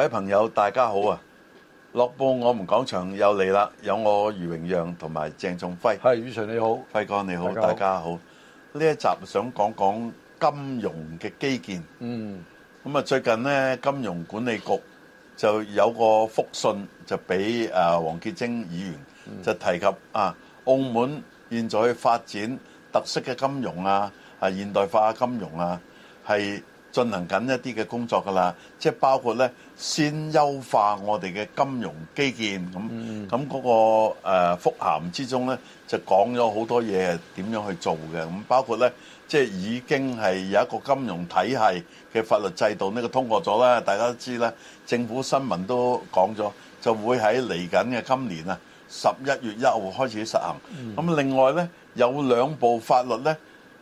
各位朋友，大家好啊！樂報，我們講場又嚟啦，有我余榮讓同埋鄭仲輝。係，余 Sir 你好，輝哥你好，大家好。呢一集想講講金融嘅基建。嗯，咁啊，最近呢，金融管理局就有個覆信，就俾誒黃潔貞議員就提及、嗯、啊，澳門現在發展特色嘅金融啊，啊現代化金融啊，係。進行緊一啲嘅工作㗎啦，即係包括呢，先優化我哋嘅金融基建，咁咁嗰個誒覆函之中呢，就講咗好多嘢點樣去做嘅。咁包括呢，即係已經係有一個金融體系嘅法律制度呢、呢個通過咗啦，大家都知啦，政府新聞都講咗，就會喺嚟緊嘅今年啊十一月一號開始實行，咁、嗯、另外呢，有兩部法律呢。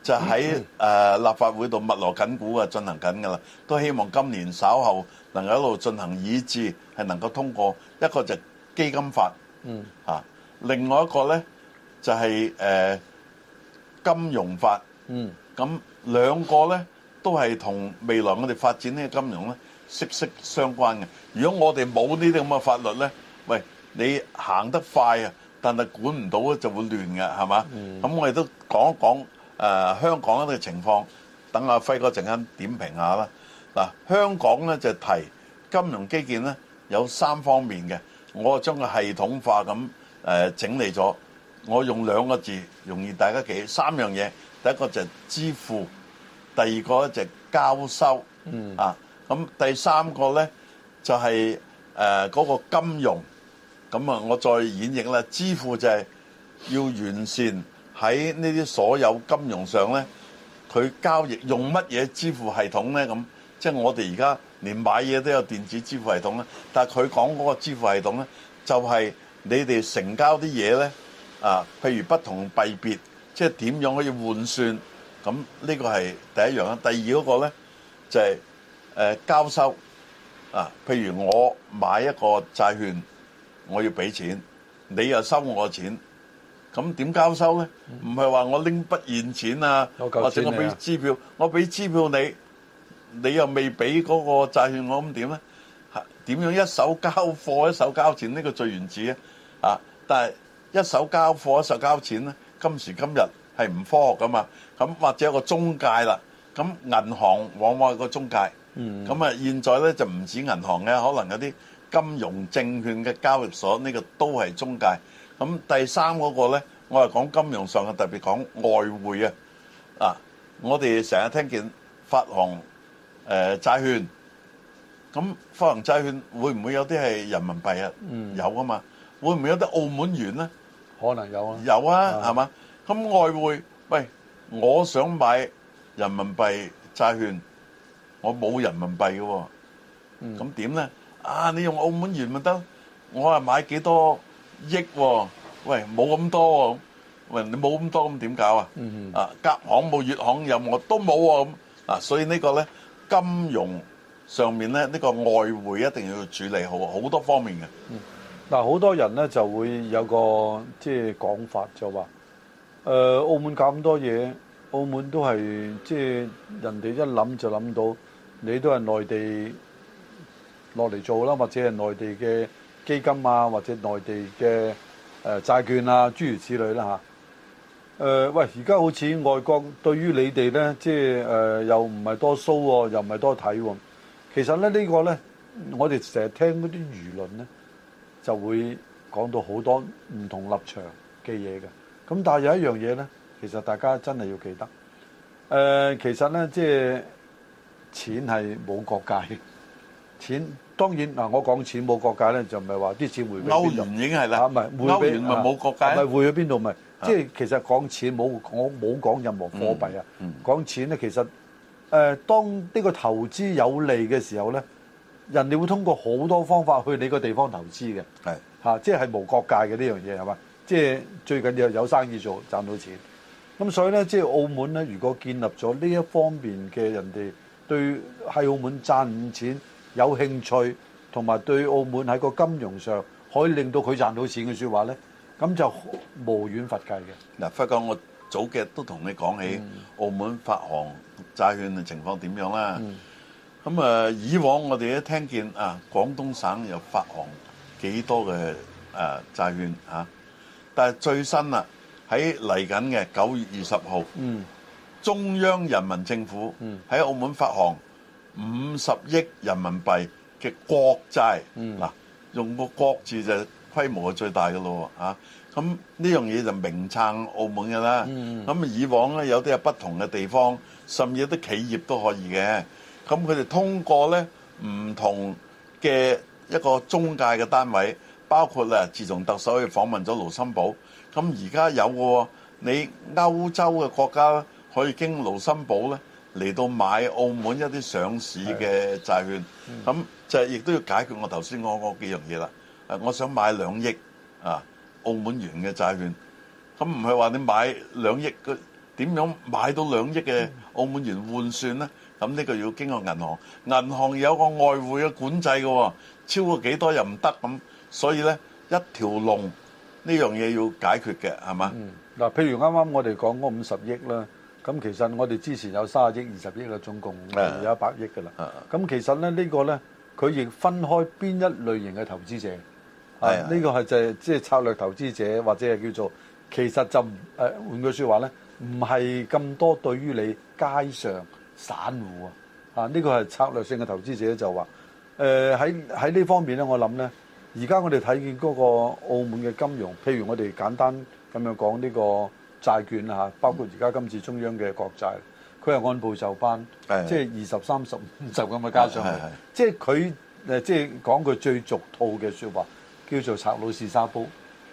就喺誒立法會度密鑼緊鼓啊，進行緊㗎啦，都希望今年稍後能夠一路進行以至係能夠通過一個就基金法，嗯啊，另外一個咧就係誒金融法，嗯，咁兩個咧都係同未來我哋發展呢個金融咧息息相關嘅。如果我哋冇呢啲咁嘅法律咧，喂，你行得快啊，但係管唔到咧就會亂嘅，係嘛？咁我哋都講一講。誒、呃、香港嗰啲情況，等阿輝哥陣間點評下啦。嗱、呃，香港咧就提金融基建咧有三方面嘅，我將佢系統化咁誒、呃、整理咗，我用兩個字容易大家記，三樣嘢，第一個就係支付，第二個咧就係交收，嗯啊，咁第三個咧就係誒嗰個金融，咁啊我再演繹啦，支付就係要完善。喺呢啲所有金融上咧，佢交易用乜嘢支付系統咧？咁即係我哋而家連買嘢都有電子支付系統啦。但係佢講嗰個支付系統咧，就係你哋成交啲嘢咧，啊，譬如不同幣別，即係點樣可以換算？咁呢個係第一樣啊。第二嗰個咧就係誒、呃、交收啊。譬如我買一個債券，我要俾錢，你又收我錢。咁點交收咧？唔係話我拎筆現錢啊，或者我俾支票，我俾支票你，你又未俾嗰個債券我，咁點咧？點樣一手交貨一手交錢，呢個最原始啊！但係一手交貨一手交錢咧，今時今日係唔科學噶嘛？咁或者有個中介啦，咁銀行往往係個中介，咁啊現在咧就唔止銀行嘅，可能有啲金融證券嘅交易所，呢個都係中介。咁第三嗰個咧，我係講金融上嘅，特別講外匯啊！啊，我哋成日聽見發行誒債券，咁發行債券會唔會有啲係人民幣啊？嗯，有㗎嘛，會唔會有啲澳門元咧？可能有啊。有啊，係嘛？咁外匯，喂，我想買人民幣債券，我冇人民幣嘅喎，咁點咧？啊，你用澳門元咪得？我係買幾多？億喎，喂，冇咁多喎，喂，你冇咁多咁點搞啊？啊，甲行冇，乙行又我都冇喎，咁嗱，所以呢個咧金融上面咧呢個外匯一定要處理好，好多方面嘅。嗱，好多人咧就會有個即係講法就話，誒，澳門搞咁多嘢，澳門都係即係人哋一諗就諗到，你都係內地落嚟做啦，或者係內地嘅。基金啊，或者內地嘅誒、呃、債券啊，諸如此類啦、啊、嚇。誒、呃、喂，而家好似外國對於你哋咧，即係誒又唔係多 show 喎，又唔係多睇喎、啊啊。其實咧呢、呢個咧，我哋成日聽嗰啲輿論咧，就會講到好多唔同立場嘅嘢嘅。咁但係有一樣嘢咧，其實大家真係要記得誒、呃，其實咧即係錢係冇國界嘅錢。當然嗱，我講錢冇國界咧，就唔係話啲錢回俾邊度？歐元已經係啦，嚇唔係回俾，咪冇國界，咪回去邊度？唔咪即係其實講錢冇，我冇講任何貨幣啊。講錢咧，其實誒、嗯嗯呃，當呢個投資有利嘅時候咧，人哋會通過好多方法去你個地方投資嘅。係嚇，即、啊、係、就是、無國界嘅呢樣嘢係嘛？即係、就是、最緊要有生意做，賺到錢。咁所以咧，即、就、係、是、澳門咧，如果建立咗呢一方面嘅人哋對喺澳門賺錢有興趣同埋對澳門喺個金融上可以令到佢賺到錢嘅説話呢，咁就無遠弗屆嘅。嗱，不過我早幾日都同你講起澳門發行債券嘅情況點樣啦。咁、嗯、啊，以往我哋一聽見啊，廣東省有發行幾多嘅誒債券啊，但係最新啊，喺嚟緊嘅九月二十號，中央人民政府喺澳門發行。五十億人民幣嘅國債，嗱、嗯、用個國字就規模係最大嘅咯喎。咁呢樣嘢就名撐澳門嘅啦。咁啊以往咧有啲有不同嘅地方，甚至有啲企業都可以嘅。咁佢哋通過咧唔同嘅一個中介嘅單位，包括咧自從特首去訪問咗盧森堡，咁而家有個，你歐洲嘅國家可以經盧森堡咧？嚟到買澳門一啲上市嘅債券，咁就係亦都要解決我頭先講嗰幾樣嘢啦。我想買兩億啊澳門元嘅債券，咁唔係話你買兩億佢點樣買到兩億嘅澳門元換算咧？咁、這、呢個要經過銀行，銀行有個外匯嘅管制嘅，超過幾多又唔得咁，所以咧一條龍呢樣嘢要解決嘅係嘛？嗱，譬、嗯、如啱啱我哋講嗰五十億啦。咁其實我哋之前有三十億、二十億嘅總共有，有一百億嘅啦。咁其實咧呢個呢，佢亦分開邊一類型嘅投資者。係呢、啊呢個係就即係策略投資者，或者係叫做其實就誒換句說話呢，唔係咁多對於你街上散戶啊。啊，呢、呢個係策略性嘅投資者就話喺喺呢方面呢。我諗呢，而家我哋睇見嗰個澳門嘅金融，譬如我哋簡單咁樣講呢、呢個。債券包括而家今次中央嘅國債，佢係按部就班，即係二十三十五十咁嘅加上的，即係佢誒即係講句最俗套嘅說話，叫做賊佬試沙煲，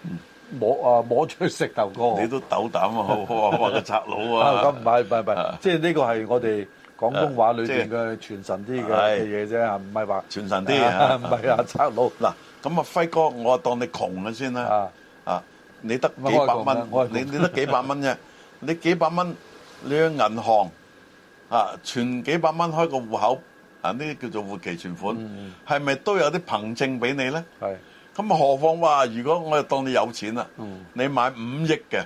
嗯、摸啊摸著石頭哥，你都斗膽啊，我話個賊佬」，啊，咁唔係唔係唔係，即係呢個係我哋廣東話裏面嘅傳神啲嘅嘢啫嚇，唔係話傳神啲唔係啊賊佬」不是。嗱，咁啊輝哥，我當你窮嘅先啦。你得幾百蚊，你你得幾百蚊啫。 你幾百蚊，你喺銀行啊存幾百蚊，開個戶口啊，呢啲叫做活期存款，嗯、係咪都有啲憑證俾你咧？係。咁何況話，如果我哋當你有錢啦、嗯，你買五億嘅，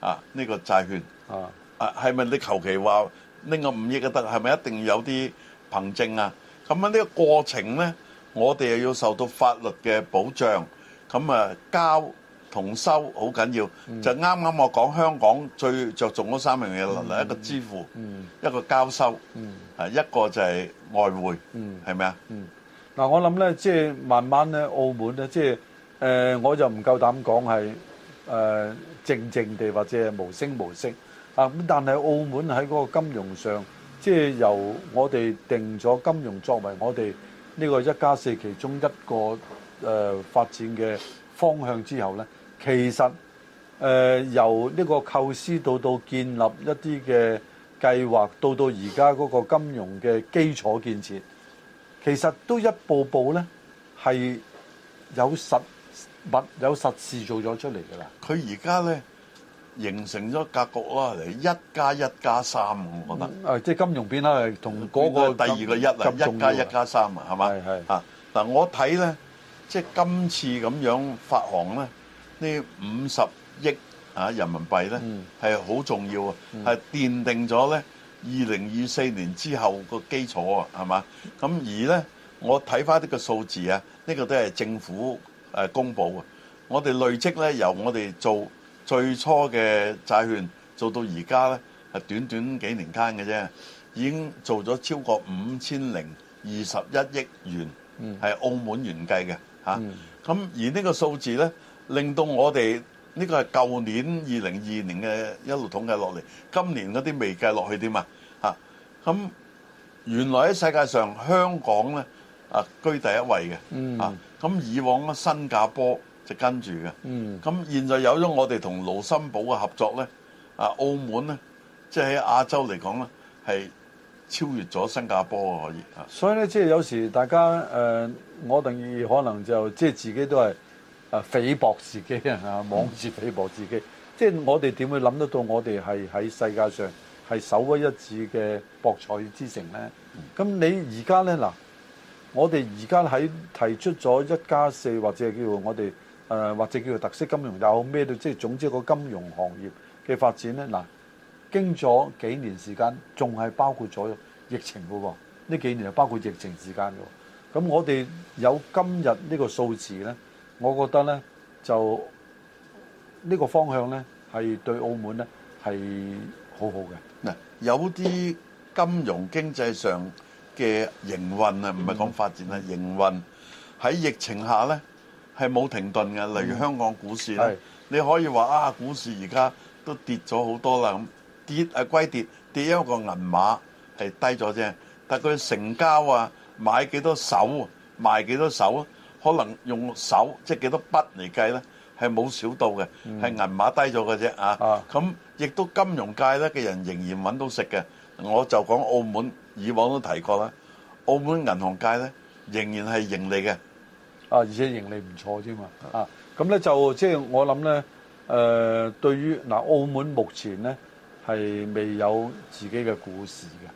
啊呢、呢個債券，啊啊係咪你求其話拎個五億都得？係咪一定要有啲憑證啊？咁呢個過程咧，我哋又要受到法律嘅保障，咁啊交。同收好緊要，就啱啱我講香港最着重嗰三樣嘢，嚟一個支付，一個交收，啊一個就係外匯，係咪啊？嗱，我諗咧，即係慢慢咧，澳門咧，即係誒，我就唔夠膽講係誒靜靜地或者係無聲無息啊！咁但係澳門喺嗰個金融上，即係由我哋定咗金融作為我哋呢個一加四其中一個誒發展嘅方向之後咧。其實誒、呃、由呢個構思到到建立一啲嘅計劃，到到而家嗰個金融嘅基礎建設，其實都一步步咧係有實物有實事做咗出嚟㗎啦。佢而家咧形成咗格局啦，嚟一加一加三，我覺得。嗯、即係金融變啦，同嗰個第二個一啊，一加一加三啊，係咪？係係啊！嗱，我睇咧，即係今次咁樣發行咧。呢五十億啊人民幣咧係好重要啊，係、嗯、奠定咗咧二零二四年之後個基礎啊，係嘛？咁而咧，我睇翻呢個數字啊，呢、這個都係政府誒公佈嘅。我哋累積咧，由我哋做最初嘅債券做到而家咧，係短短幾年間嘅啫，已經做咗超過五千零二十一億元，係、嗯、澳門元計嘅嚇。咁、嗯啊、而這個數呢個數字咧。令到我哋呢個係舊年二零二二年嘅一路統計落嚟，今年嗰啲未計落去啲嘛吓。咁原來喺世界上香港咧啊，居第一位嘅，啊咁以往新加坡就跟住嘅。咁現在有咗我哋同盧森堡嘅合作咧，啊澳門咧即係喺亞洲嚟講咧係超越咗新加坡嘅可以，所以咧即係有時大家誒，我哋可能就即係自己都係，誒，菲薄自己啊，妄自菲薄自己，嗯、即係我哋點會諗得到？我哋係喺世界上係首屈一指嘅博彩之城呢。咁、嗯、你而家呢？嗱，我哋而家喺提出咗一加四，或者叫我哋、呃、或者叫特色金融有咩？即係總之個金融行業嘅發展呢？嗱，經咗幾年時間，仲係包括咗疫情嘅喎。呢幾年係包括疫情時間嘅。咁我哋有今日呢個數字呢。我覺得咧，就呢個方向咧，係對澳門咧係好好嘅。嗱，有啲金融經濟上嘅營運啊，唔係講發展啊，營運喺疫情下咧係冇停頓嘅。例如香港股市咧、嗯，你可以話啊，股市而家都跌咗好多啦咁，跌啊，歸跌，跌一個銀碼係低咗啫，但佢成交啊，買幾多手啊，賣幾多手啊？可能用手即係幾多筆嚟計咧，係冇少到嘅，係銀碼低咗嘅啫啊！咁亦都金融界咧嘅人仍然揾到食嘅。我就講澳門以往都提過啦，澳門銀行界咧仍然係盈利嘅。啊，而且盈利唔錯啫嘛！啊，咁咧就即係我諗咧，誒對於嗱澳門目前咧係未有自己嘅股市㗎。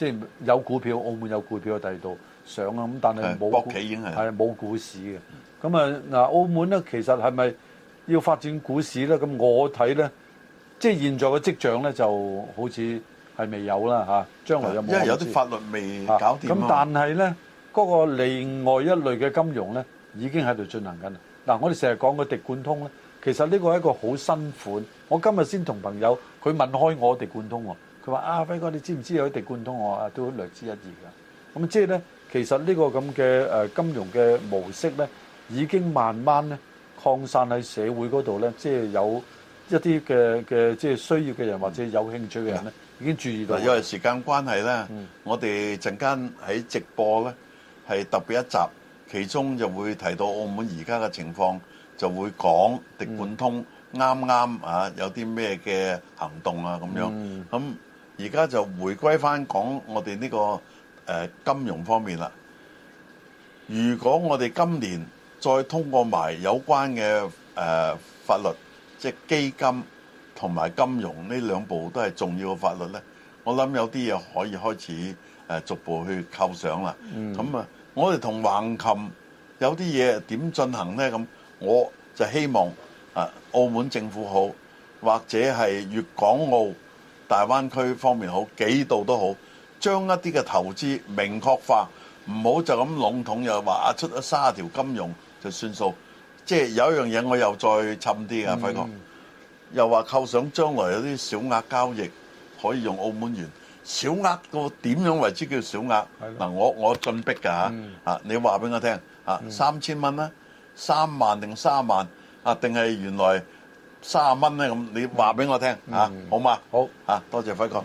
即係有股票，澳門有股票喺第二度上啊，咁但係冇，係冇股市嘅。咁啊，嗱，澳門咧，其實係咪要發展股市咧？咁我睇咧，即係現在嘅跡象咧，就好似係未有啦嚇。將來有冇？因為有啲法律未搞掂啊。咁但係咧，嗰個另外一類嘅金融咧，已經喺度進行緊啦。嗱，我哋成日講嘅迪貫通咧，其實呢個係一個好新款。我今日先同朋友佢問開我迪貫通喎。佢話：啊，輝哥，你知唔知有啲滴灌通我啊？都略知一二嘅。咁即係咧，其實呢個咁嘅誒金融嘅模式咧，已經慢慢咧擴散喺社會嗰度咧，即係有一啲嘅嘅即係需要嘅人或者有興趣嘅人咧，已經注意到。因為時間關係咧，我哋陣間喺直播咧係特別一集，其中就會提到澳門而家嘅情況，就會講滴灌通啱啱啊有啲咩嘅行動啊咁樣咁。而家就回歸翻講我哋呢個金融方面啦。如果我哋今年再通過埋有關嘅法律，即係基金同埋金融呢兩部都係重要嘅法律呢，我諗有啲嘢可以開始逐步去構想啦。咁啊，我哋同橫琴有啲嘢點進行呢？咁我就希望啊，澳門政府好，或者係粵港澳。大灣區方面好，幾度都好，將一啲嘅投資明確化，唔好就咁籠統，又話出咗卅條金融就算數。即係有一樣嘢我又再深啲啊，輝哥，又話構想將來有啲小額交易可以用澳門元，小額個點樣為之叫小額？嗱，我我進逼㗎嚇嚇，你話俾我聽嚇，三千蚊啦，三萬定卅萬啊？定係原來？三十蚊咧，咁你話俾我聽啊，好嗎？好啊，多謝輝哥。